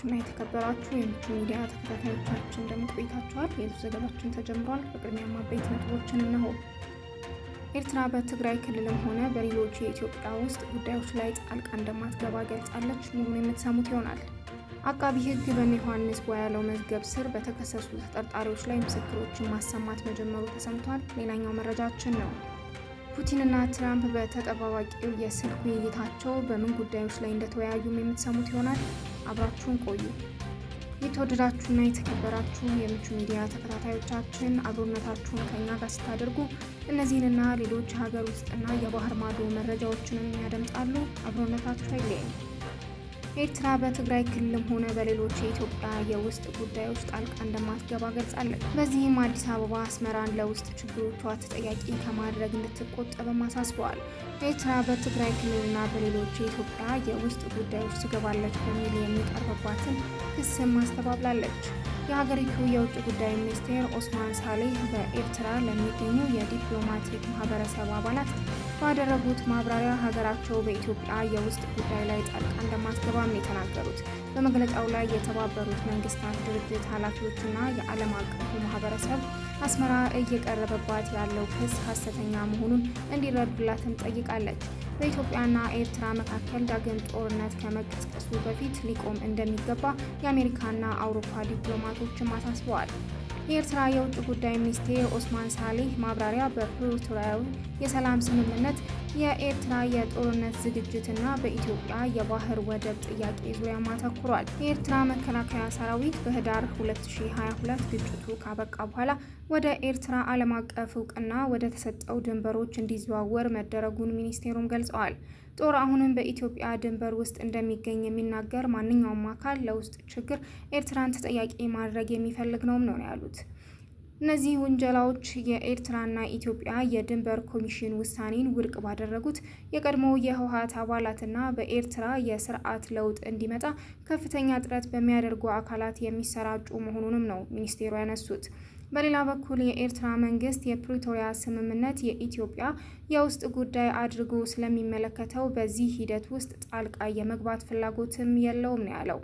የተወደዳችሁና የተከበራችሁ የምቹ ሚዲያ ተከታታዮቻችን እንደምትቆይታችኋል። የዙ ዘገባችን ተጀምሯል። በቅድሚያ አበይት ነጥቦችን እነሆ። ኤርትራ በትግራይ ክልልም ሆነ በሌሎች የኢትዮጵያ ውስጥ ጉዳዮች ላይ ጣልቃ እንደማትገባ ገልጻለች። ሙሉን የምትሰሙት ይሆናል። አቃቢ ሕግ በእነ ዮሐንስ ቧያለው መዝገብ ስር በተከሰሱ ተጠርጣሪዎች ላይ ምስክሮችን ማሰማት መጀመሩ ተሰምቷል። ሌላኛው መረጃችን ነው። ፑቲንና ትራምፕ በተጠባባቂው የስልክ ውይይታቸው በምን ጉዳዮች ላይ እንደተወያዩም የምትሰሙት ይሆናል። አብራችሁን ቆዩ። የተወደዳችሁና የተከበራችሁ የምቹ ሚዲያ ተከታታዮቻችን አብሮነታችሁን ከኛ ጋር ስታደርጉ እነዚህንና ሌሎች የሀገር ውስጥና የባህር ማዶ መረጃዎችንም ያደምጣሉ። አብሮነታችሁ አይለየን። ኤርትራ በትግራይ ክልልም ሆነ በሌሎች የኢትዮጵያ የውስጥ ጉዳዮች ጣልቃ እንደማትገባ ገልጻለች። በዚህም አዲስ አበባ አስመራን ለውስጥ ችግሮቿ ተጠያቂ ከማድረግ እንድትቆጠብም አሳስበዋል። ኤርትራ በትግራይ ክልልና በሌሎች የኢትዮጵያ የውስጥ ጉዳዮች ትገባለች በሚል የሚቀርብባትን ክስም አስተባብላለች። የሀገሪቱ የውጭ ጉዳይ ሚኒስቴር ኦስማን ሳሌህ በኤርትራ ለሚገኙ የዲፕሎማቲክ ማህበረሰብ አባላት ባደረጉት ማብራሪያ ሀገራቸው በኢትዮጵያ የውስጥ ጉዳይ ላይ ጣልቃ እንደማትገባም የተናገሩት በመግለጫው ላይ የተባበሩት መንግስታት ድርጅት ኃላፊዎችና የዓለም አቀፉ ማህበረሰብ አስመራ እየቀረበባት ያለው ክስ ሀሰተኛ መሆኑን እንዲረዱላትም ጠይቃለች። በኢትዮጵያና ኤርትራ መካከል ዳግም ጦርነት ከመቀስቀሱ በፊት ሊቆም እንደሚገባ የአሜሪካና አውሮፓ ዲፕሎማቶችም አሳስበዋል። የኤርትራ የውጭ ጉዳይ ሚኒስቴር ኦስማን ሳሌህ ማብራሪያ በፕሪቶሪያው የሰላም ስምምነት የኤርትራ የጦርነት ዝግጅትና በኢትዮጵያ የባህር ወደብ ጥያቄ ዙሪያ ማተኩሯል። የኤርትራ መከላከያ ሰራዊት በህዳር 2022 ግጭቱ ካበቃ በኋላ ወደ ኤርትራ ዓለም አቀፍ እውቅና ወደ ተሰጠው ድንበሮች እንዲዘዋወር መደረጉን ሚኒስቴሩም ገልጸዋል። ጦር አሁንም በኢትዮጵያ ድንበር ውስጥ እንደሚገኝ የሚናገር ማንኛውም አካል ለውስጥ ችግር ኤርትራን ተጠያቂ ማድረግ የሚፈልግ ነውም ነው ያሉት። እነዚህ ውንጀላዎች የኤርትራና ኢትዮጵያ የድንበር ኮሚሽን ውሳኔን ውድቅ ባደረጉት የቀድሞ የህወሀት አባላትና በኤርትራ የስርዓት ለውጥ እንዲመጣ ከፍተኛ ጥረት በሚያደርጉ አካላት የሚሰራጩ መሆኑንም ነው ሚኒስቴሩ ያነሱት። በሌላ በኩል የኤርትራ መንግስት የፕሪቶሪያ ስምምነት የኢትዮጵያ የውስጥ ጉዳይ አድርጎ ስለሚመለከተው በዚህ ሂደት ውስጥ ጣልቃ የመግባት ፍላጎትም የለውም ነው ያለው።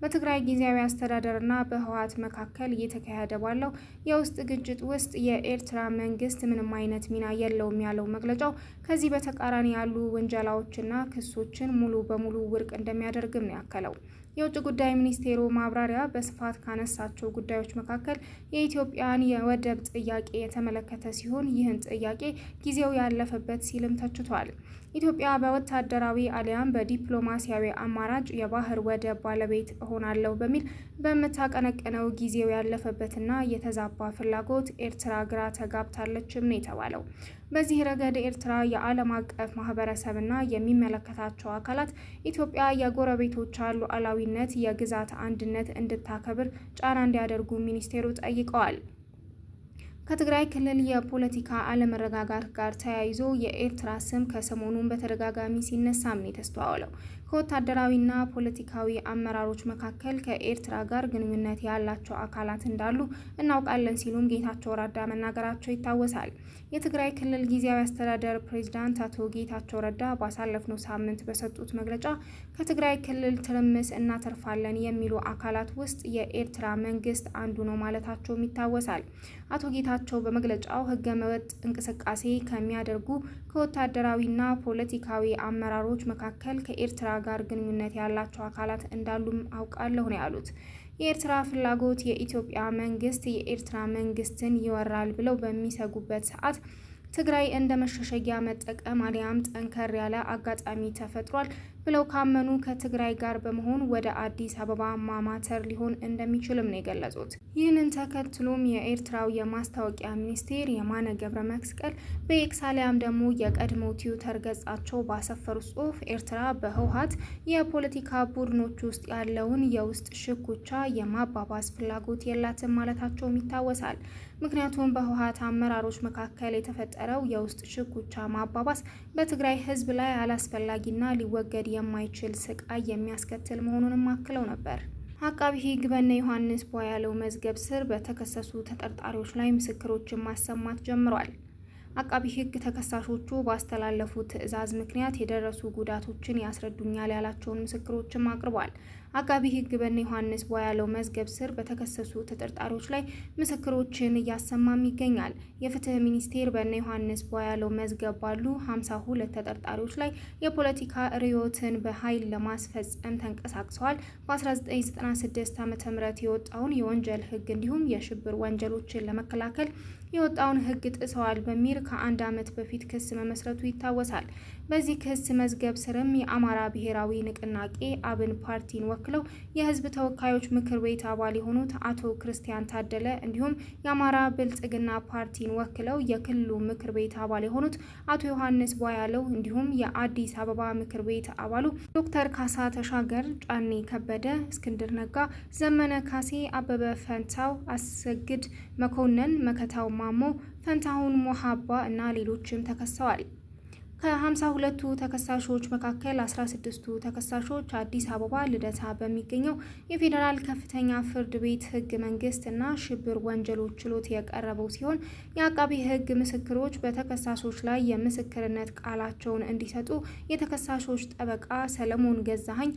በትግራይ ጊዜያዊ አስተዳደርና በህወሓት መካከል እየተካሄደ ባለው የውስጥ ግጭት ውስጥ የኤርትራ መንግስት ምንም አይነት ሚና የለውም ያለው መግለጫው ከዚህ በተቃራኒ ያሉ ውንጀላዎችና ክሶችን ሙሉ በሙሉ ውድቅ እንደሚያደርግም ነው ያከለው። የውጭ ጉዳይ ሚኒስቴሩ ማብራሪያ በስፋት ካነሳቸው ጉዳዮች መካከል የኢትዮጵያን የወደብ ጥያቄ የተመለከተ ሲሆን ይህን ጥያቄ ጊዜው ያለፈበት ሲልም ተችቷል። ኢትዮጵያ በወታደራዊ አሊያም በዲፕሎማሲያዊ አማራጭ የባህር ወደብ ባለቤት እሆናለሁ በሚል በምታቀነቀነው ጊዜው ያለፈበትና የተዛባ ፍላጎት ኤርትራ ግራ ተጋብታለችም ነው የተባለው። በዚህ ረገድ ኤርትራ የዓለም አቀፍ ማህበረሰብና የሚመለከታቸው አካላት ኢትዮጵያ የጎረቤቶቿ ሉዓላዊነት፣ የግዛት አንድነት እንድታከብር ጫና እንዲያደርጉ ሚኒስቴሩ ጠይቀዋል። ከትግራይ ክልል የፖለቲካ አለመረጋጋት ጋር ተያይዞ የኤርትራ ስም ከሰሞኑን በተደጋጋሚ ሲነሳም ነው የተስተዋለው። ከወታደራዊና ፖለቲካዊ አመራሮች መካከል ከኤርትራ ጋር ግንኙነት ያላቸው አካላት እንዳሉ እናውቃለን ሲሉም ጌታቸው ረዳ መናገራቸው ይታወሳል። የትግራይ ክልል ጊዜያዊ አስተዳደር ፕሬዚዳንት አቶ ጌታቸው ረዳ ባሳለፍነው ሳምንት በሰጡት መግለጫ ከትግራይ ክልል ትርምስ እናተርፋለን የሚሉ አካላት ውስጥ የኤርትራ መንግስት አንዱ ነው ማለታቸውም ይታወሳል። አቶ ጌታቸው በመግለጫው ህገ ወጥ እንቅስቃሴ ከሚያደርጉ ከወታደራዊና ፖለቲካዊ አመራሮች መካከል ከኤርትራ ጋር ግንኙነት ያላቸው አካላት እንዳሉም አውቃለሁ ነው ያሉት። የኤርትራ ፍላጎት የኢትዮጵያ መንግስት የኤርትራ መንግስትን ይወራል ብለው በሚሰጉበት ሰዓት ትግራይ እንደ መሸሸጊያ መጠቀም አሊያም ጠንከር ያለ አጋጣሚ ተፈጥሯል። ብለው ካመኑ ከትግራይ ጋር በመሆን ወደ አዲስ አበባ ማማተር ሊሆን እንደሚችልም ነው የገለጹት። ይህንን ተከትሎም የኤርትራው የማስታወቂያ ሚኒስቴር የማነ ገብረ መስቀል በኤክስ አሊያም ደግሞ የቀድሞ ትዊተር ገጻቸው ባሰፈሩት ጽሁፍ ኤርትራ በህወሀት የፖለቲካ ቡድኖች ውስጥ ያለውን የውስጥ ሽኩቻ የማባባስ ፍላጎት የላትም ማለታቸውም ይታወሳል። ምክንያቱም በህወሀት አመራሮች መካከል የተፈጠረው የውስጥ ሽኩቻ ማባባስ በትግራይ ህዝብ ላይ አላስፈላጊና ሊወገድ የማይችል ስቃይ የሚያስከትል መሆኑንም አክለው ነበር። አቃቢ ሕግ በነ ዮሐንስ ቧያለው መዝገብ ስር በተከሰሱ ተጠርጣሪዎች ላይ ምስክሮችን ማሰማት ጀምሯል። አቃቢ ሕግ ተከሳሾቹ ባስተላለፉት ትዕዛዝ ምክንያት የደረሱ ጉዳቶችን ያስረዱኛል ያላቸውን ምስክሮችም አቅርቧል። አቃቢ ሕግ በነ ዮሐንስ ቧያለው መዝገብ ስር በተከሰሱ ተጠርጣሪዎች ላይ ምስክሮችን እያሰማም ይገኛል። የፍትህ ሚኒስቴር በነ ዮሐንስ ቧያለው መዝገብ ባሉ 52 ሁለት ተጠርጣሪዎች ላይ የፖለቲካ ርዕዮትን በኃይል ለማስፈጸም ተንቀሳቅሰዋል በ1996 ዓ ም የወጣውን የወንጀል ሕግ እንዲሁም የሽብር ወንጀሎችን ለመከላከል የወጣውን ህግ ጥሰዋል በሚል ከአንድ ዓመት በፊት ክስ መመስረቱ ይታወሳል። በዚህ ክስ መዝገብ ስርም የአማራ ብሔራዊ ንቅናቄ አብን ፓርቲን ወክለው የህዝብ ተወካዮች ምክር ቤት አባል የሆኑት አቶ ክርስቲያን ታደለ እንዲሁም የአማራ ብልጽግና ፓርቲን ወክለው የክልሉ ምክር ቤት አባል የሆኑት አቶ ዮሐንስ ቧያለው እንዲሁም የአዲስ አበባ ምክር ቤት አባሉ ዶክተር ካሳ ተሻገር፣ ጫኔ ከበደ፣ እስክንድር ነጋ፣ ዘመነ ካሴ፣ አበበ ፈንታው፣ አሰግድ መኮንን፣ መከታው ማሞ፣ ፈንታሁን ሞሃባ እና ሌሎችም ተከሰዋል። ከሀምሳ ሁለቱ ተከሳሾች መካከል አስራ ስድስቱ ተከሳሾች አዲስ አበባ ልደታ በሚገኘው የፌዴራል ከፍተኛ ፍርድ ቤት ህግ መንግስት እና ሽብር ወንጀሎች ችሎት የቀረበው ሲሆን የአቃቢ ህግ ምስክሮች በተከሳሾች ላይ የምስክርነት ቃላቸውን እንዲሰጡ የተከሳሾች ጠበቃ ሰለሞን ገዛሀኝ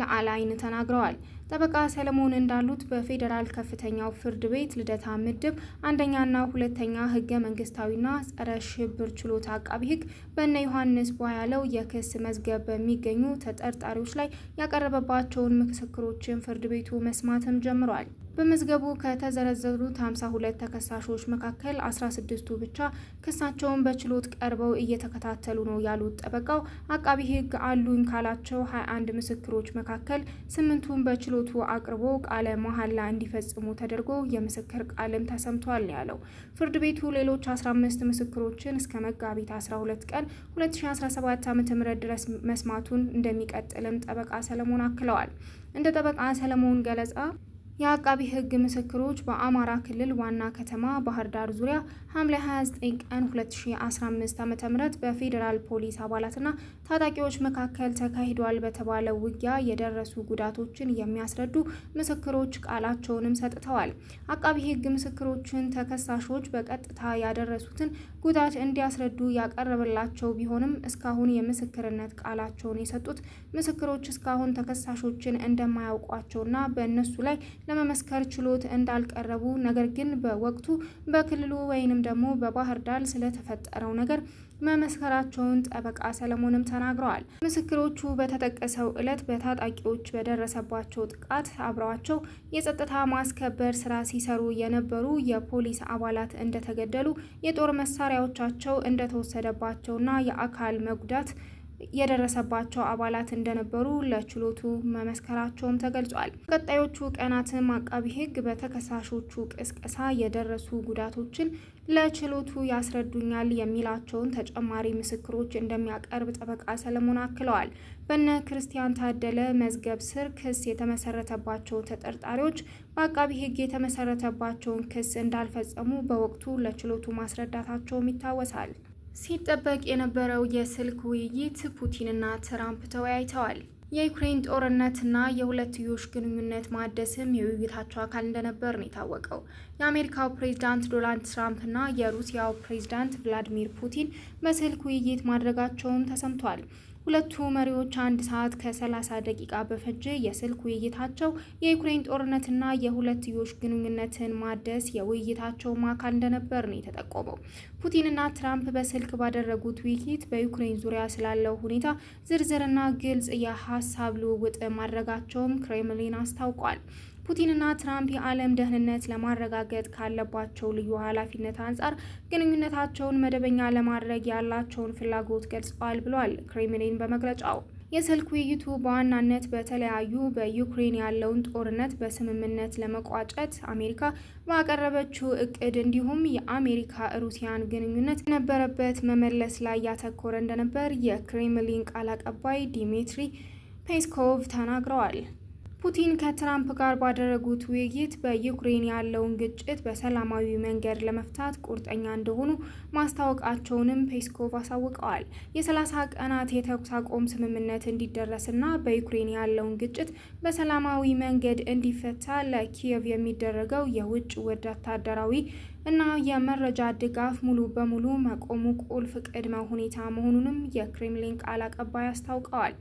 ለአላይን ተናግረዋል። ጠበቃ ሰለሞን እንዳሉት በፌዴራል ከፍተኛው ፍርድ ቤት ልደታ ምድብ አንደኛና ሁለተኛ ህገ መንግስታዊና ጸረ ሽብር ችሎት አቃቢ ህግ በእነ ዮሐንስ ያለው የክስ መዝገብ በሚገኙ ተጠርጣሪዎች ላይ ያቀረበባቸውን ምስክሮችን ፍርድ ቤቱ መስማትም ጀምሯል። በመዝገቡ ከተዘረዘሩት 52 ተከሳሾች መካከል 16ቱ ብቻ ክሳቸውን በችሎት ቀርበው እየተከታተሉ ነው ያሉት ጠበቃው አቃቢ ሕግ አሉኝ ካላቸው 21 ምስክሮች መካከል ስምንቱን በችሎቱ አቅርቦ ቃለ መሐላ እንዲፈጽሙ ተደርጎ የምስክር ቃልም ተሰምቷል ያለው ፍርድ ቤቱ ሌሎች 15 ምስክሮችን እስከ መጋቢት 12 ቀን 2017 ዓ.ም ድረስ መስማቱን እንደሚቀጥልም ጠበቃ ሰለሞን አክለዋል። እንደ ጠበቃ ሰለሞን ገለጻ የአቃቢ ህግ ምስክሮች በአማራ ክልል ዋና ከተማ ባህር ዳር ዙሪያ ሐምሌ 29 ቀን 2015 ዓ.ም በፌዴራል ፖሊስ አባላትና ታጣቂዎች መካከል ተካሂዷል በተባለ ውጊያ የደረሱ ጉዳቶችን የሚያስረዱ ምስክሮች ቃላቸውንም ሰጥተዋል። አቃቢ ህግ ምስክሮችን ተከሳሾች በቀጥታ ያደረሱትን ጉዳት እንዲያስረዱ ያቀረበላቸው ቢሆንም እስካሁን የምስክርነት ቃላቸውን የሰጡት ምስክሮች እስካሁን ተከሳሾችን እንደማያውቋቸውና በእነሱ ላይ ለመመስከር ችሎት እንዳልቀረቡ፣ ነገር ግን በወቅቱ በክልሉ ወይንም ደግሞ በባህር ዳር ስለተፈጠረው ነገር መመስከራቸውን ጠበቃ ሰለሞንም ተናግረዋል። ምስክሮቹ በተጠቀሰው ዕለት በታጣቂዎች በደረሰባቸው ጥቃት አብረዋቸው የጸጥታ ማስከበር ስራ ሲሰሩ የነበሩ የፖሊስ አባላት እንደተገደሉ፣ የጦር መሳሪያዎቻቸው እንደተወሰደባቸውና የአካል መጉዳት የደረሰባቸው አባላት እንደነበሩ ለችሎቱ መመስከራቸውም ተገልጿል። ቀጣዮቹ ቀናትም አቃቢ ሕግ በተከሳሾቹ ቅስቀሳ የደረሱ ጉዳቶችን ለችሎቱ ያስረዱኛል የሚላቸውን ተጨማሪ ምስክሮች እንደሚያቀርብ ጠበቃ ሰለሞን አክለዋል። በነ ክርስቲያን ታደለ መዝገብ ስር ክስ የተመሰረተባቸው ተጠርጣሪዎች በአቃቢ ሕግ የተመሰረተባቸውን ክስ እንዳልፈጸሙ በወቅቱ ለችሎቱ ማስረዳታቸውም ይታወሳል። ሲጠበቅ የነበረው የስልክ ውይይት ፑቲንና ትራምፕ ተወያይተዋል። የዩክሬን ጦርነትና የሁለትዮሽ ግንኙነት ማደስም የውይይታቸው አካል እንደነበር ነው የታወቀው። የአሜሪካው ፕሬዚዳንት ዶናልድ ትራምፕና የሩሲያው ፕሬዚዳንት ቭላዲሚር ፑቲን በስልክ ውይይት ማድረጋቸውም ተሰምቷል። ሁለቱ መሪዎች አንድ ሰዓት ከ30 ደቂቃ በፈጀ የስልክ ውይይታቸው የዩክሬን ጦርነትና የሁለትዮሽ ግንኙነትን ማደስ የውይይታቸው አካል እንደነበር ነው የተጠቆመው። ፑቲንና ትራምፕ በስልክ ባደረጉት ውይይት በዩክሬን ዙሪያ ስላለው ሁኔታ ዝርዝርና ግልጽ የሀሳብ ልውውጥ ማድረጋቸውም ክሬምሊን አስታውቋል። ፑቲንና ትራምፕ የዓለም ደህንነት ለማረጋገጥ ካለባቸው ልዩ ኃላፊነት አንጻር ግንኙነታቸውን መደበኛ ለማድረግ ያላቸውን ፍላጎት ገልጸዋል ብሏል ክሬምሊን በመግለጫው። የስልክ ውይይቱ በዋናነት በተለያዩ በዩክሬን ያለውን ጦርነት በስምምነት ለመቋጨት አሜሪካ ባቀረበችው እቅድ እንዲሁም የአሜሪካ ሩሲያን ግንኙነት የነበረበት መመለስ ላይ ያተኮረ እንደነበር የክሬምሊን ቃል አቀባይ ዲሚትሪ ፔስኮቭ ተናግረዋል። ፑቲን ከትራምፕ ጋር ባደረጉት ውይይት በዩክሬን ያለውን ግጭት በሰላማዊ መንገድ ለመፍታት ቁርጠኛ እንደሆኑ ማስታወቃቸውንም ፔስኮቭ አሳውቀዋል። የ30 ቀናት የተኩስ አቆም ስምምነት እንዲደረስና በዩክሬን ያለውን ግጭት በሰላማዊ መንገድ እንዲፈታ ለኪየቭ የሚደረገው የውጭ ወታደራዊ እና የመረጃ ድጋፍ ሙሉ በሙሉ መቆሙ ቁልፍ ቅድመ ሁኔታ መሆኑንም የክሬምሊን ቃል አቀባይ አስታውቀዋል።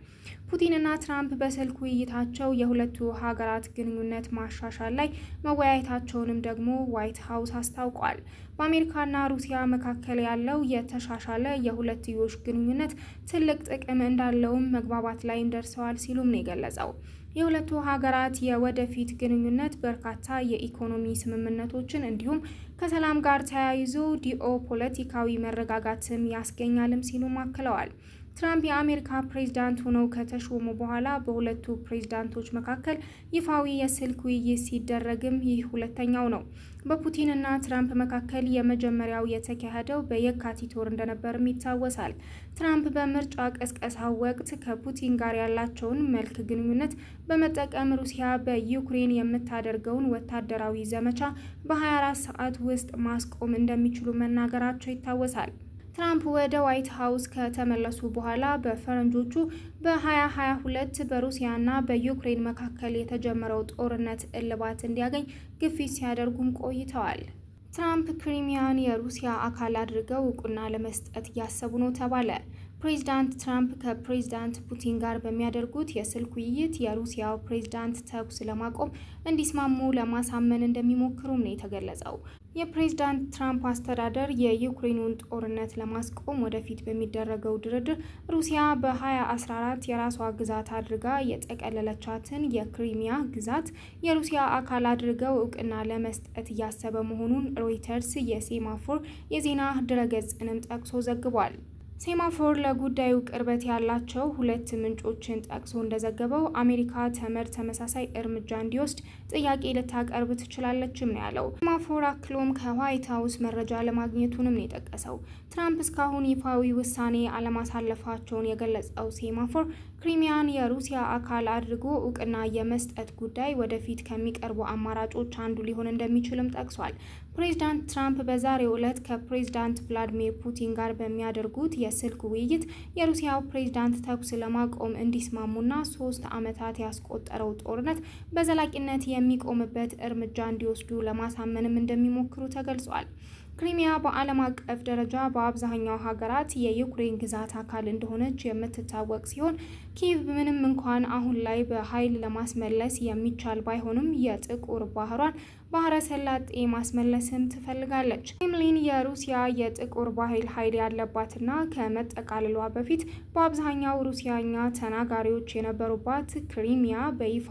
ፑቲንና ትራምፕ በስልክ ውይይታቸው የሁለቱ ሀገራት ግንኙነት ማሻሻል ላይ መወያየታቸውንም ደግሞ ዋይት ሀውስ አስታውቋል። በአሜሪካና ሩሲያ መካከል ያለው የተሻሻለ የሁለትዮሽ ግንኙነት ትልቅ ጥቅም እንዳለውም መግባባት ላይም ደርሰዋል ሲሉም ነው የገለጸው። የሁለቱ ሀገራት የወደፊት ግንኙነት በርካታ የኢኮኖሚ ስምምነቶችን እንዲሁም ከሰላም ጋር ተያይዞ ዲኦ ፖለቲካዊ መረጋጋትም ያስገኛልም ሲሉም አክለዋል። ትራምፕ የአሜሪካ ፕሬዝዳንት ሆነው ከተሾሙ በኋላ በሁለቱ ፕሬዝዳንቶች መካከል ይፋዊ የስልክ ውይይት ሲደረግም ይህ ሁለተኛው ነው። በፑቲንና ትራምፕ መካከል የመጀመሪያው የተካሄደው በየካቲት ወር እንደነበርም ይታወሳል። ትራምፕ በምርጫ ቀስቀሳው ወቅት ከፑቲን ጋር ያላቸውን መልክ ግንኙነት በመጠቀም ሩሲያ በዩክሬን የምታደርገውን ወታደራዊ ዘመቻ በ24 ሰዓት ውስጥ ማስቆም እንደሚችሉ መናገራቸው ይታወሳል። ትራምፕ ወደ ዋይት ሀውስ ከተመለሱ በኋላ በፈረንጆቹ በ2022 በሩሲያና በዩክሬን መካከል የተጀመረው ጦርነት እልባት እንዲያገኝ ግፊት ሲያደርጉም ቆይተዋል። ትራምፕ ክሪሚያን የሩሲያ አካል አድርገው እውቅና ለመስጠት እያሰቡ ነው ተባለ። ፕሬዚዳንት ትራምፕ ከፕሬዚዳንት ፑቲን ጋር በሚያደርጉት የስልክ ውይይት የሩሲያው ፕሬዚዳንት ተኩስ ለማቆም እንዲስማሙ ለማሳመን እንደሚሞክሩም ነው የተገለጸው። የፕሬዝዳንት ትራምፕ አስተዳደር የዩክሬኑን ጦርነት ለማስቆም ወደፊት በሚደረገው ድርድር ሩሲያ በ2014 የራሷ ግዛት አድርጋ የጠቀለለቻትን የክሪሚያ ግዛት የሩሲያ አካል አድርገው እውቅና ለመስጠት እያሰበ መሆኑን ሮይተርስ የሴማፎር የዜና ድረገጽንም ጠቅሶ ዘግቧል። ሴማፎር ለጉዳዩ ቅርበት ያላቸው ሁለት ምንጮችን ጠቅሶ እንደዘገበው አሜሪካ ተመድ ተመሳሳይ እርምጃ እንዲወስድ ጥያቄ ልታቀርብ ትችላለችም ነው ያለው። ሴማፎር አክሎም ከዋይት ሀውስ መረጃ ለማግኘቱንም ነው የጠቀሰው። ትራምፕ እስካሁን ይፋዊ ውሳኔ አለማሳለፋቸውን የገለጸው ሴማፎር ክሪሚያን የሩሲያ አካል አድርጎ እውቅና የመስጠት ጉዳይ ወደፊት ከሚቀርቡ አማራጮች አንዱ ሊሆን እንደሚችልም ጠቅሷል። ፕሬዚዳንት ትራምፕ በዛሬው ዕለት ከፕሬዚዳንት ቭላዲሚር ፑቲን ጋር በሚያደርጉት የስልክ ውይይት የሩሲያው ፕሬዚዳንት ተኩስ ለማቆም እንዲስማሙና ሶስት ዓመታት ያስቆጠረው ጦርነት በዘላቂነት የሚቆምበት እርምጃ እንዲወስዱ ለማሳመንም እንደሚሞክሩ ተገልጿል። ክሪሚያ በዓለም አቀፍ ደረጃ በአብዛኛው ሀገራት የዩክሬን ግዛት አካል እንደሆነች የምትታወቅ ሲሆን ኪቭ ምንም እንኳን አሁን ላይ በኃይል ለማስመለስ የሚቻል ባይሆንም የጥቁር ባህሯን ባህረ ሰላጤ ማስመለስም ትፈልጋለች። ክሬምሊን የሩሲያ የጥቁር ባህል ኃይል ያለባትና ከመጠቃለሏ በፊት በአብዛኛው ሩሲያኛ ተናጋሪዎች የነበሩባት ክሪሚያ በይፋ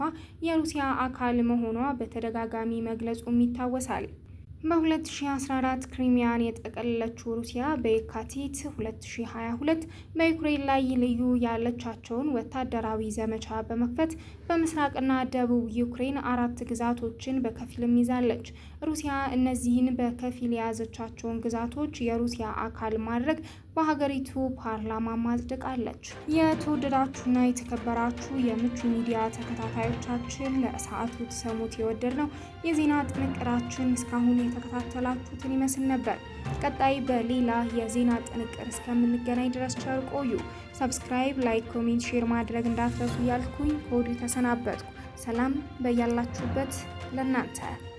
የሩሲያ አካል መሆኗ በተደጋጋሚ መግለጹም ይታወሳል። በ2014 ክሪሚያን የጠቀለለችው ሩሲያ በየካቲት 2022 በዩክሬን ላይ ልዩ ያለቻቸውን ወታደራዊ ዘመቻ በመክፈት በምስራቅና ደቡብ ዩክሬን አራት ግዛቶችን በከፊልም ይዛለች። ሩሲያ እነዚህን በከፊል የያዘቻቸውን ግዛቶች የሩሲያ አካል ማድረግ በሀገሪቱ ፓርላማ ማጽድቃለች። የተወደዳችሁና የተከበራችሁ የምቹ ሚዲያ ተከታታዮቻችን ለሰዓቱ ትሰሙት የወደድ ነው የዜና ጥንቅራችን እስካሁን የተከታተላችሁትን ይመስል ነበር። ቀጣይ በሌላ የዜና ጥንቅር እስከምንገናኝ ድረስ ቸር ቆዩ። ሰብስክራይብ፣ ላይክ፣ ኮሜንት፣ ሼር ማድረግ እንዳትረሱ እያልኩኝ ከወዲሁ ተሰናበትኩ። ሰላም በያላችሁበት ለእናንተ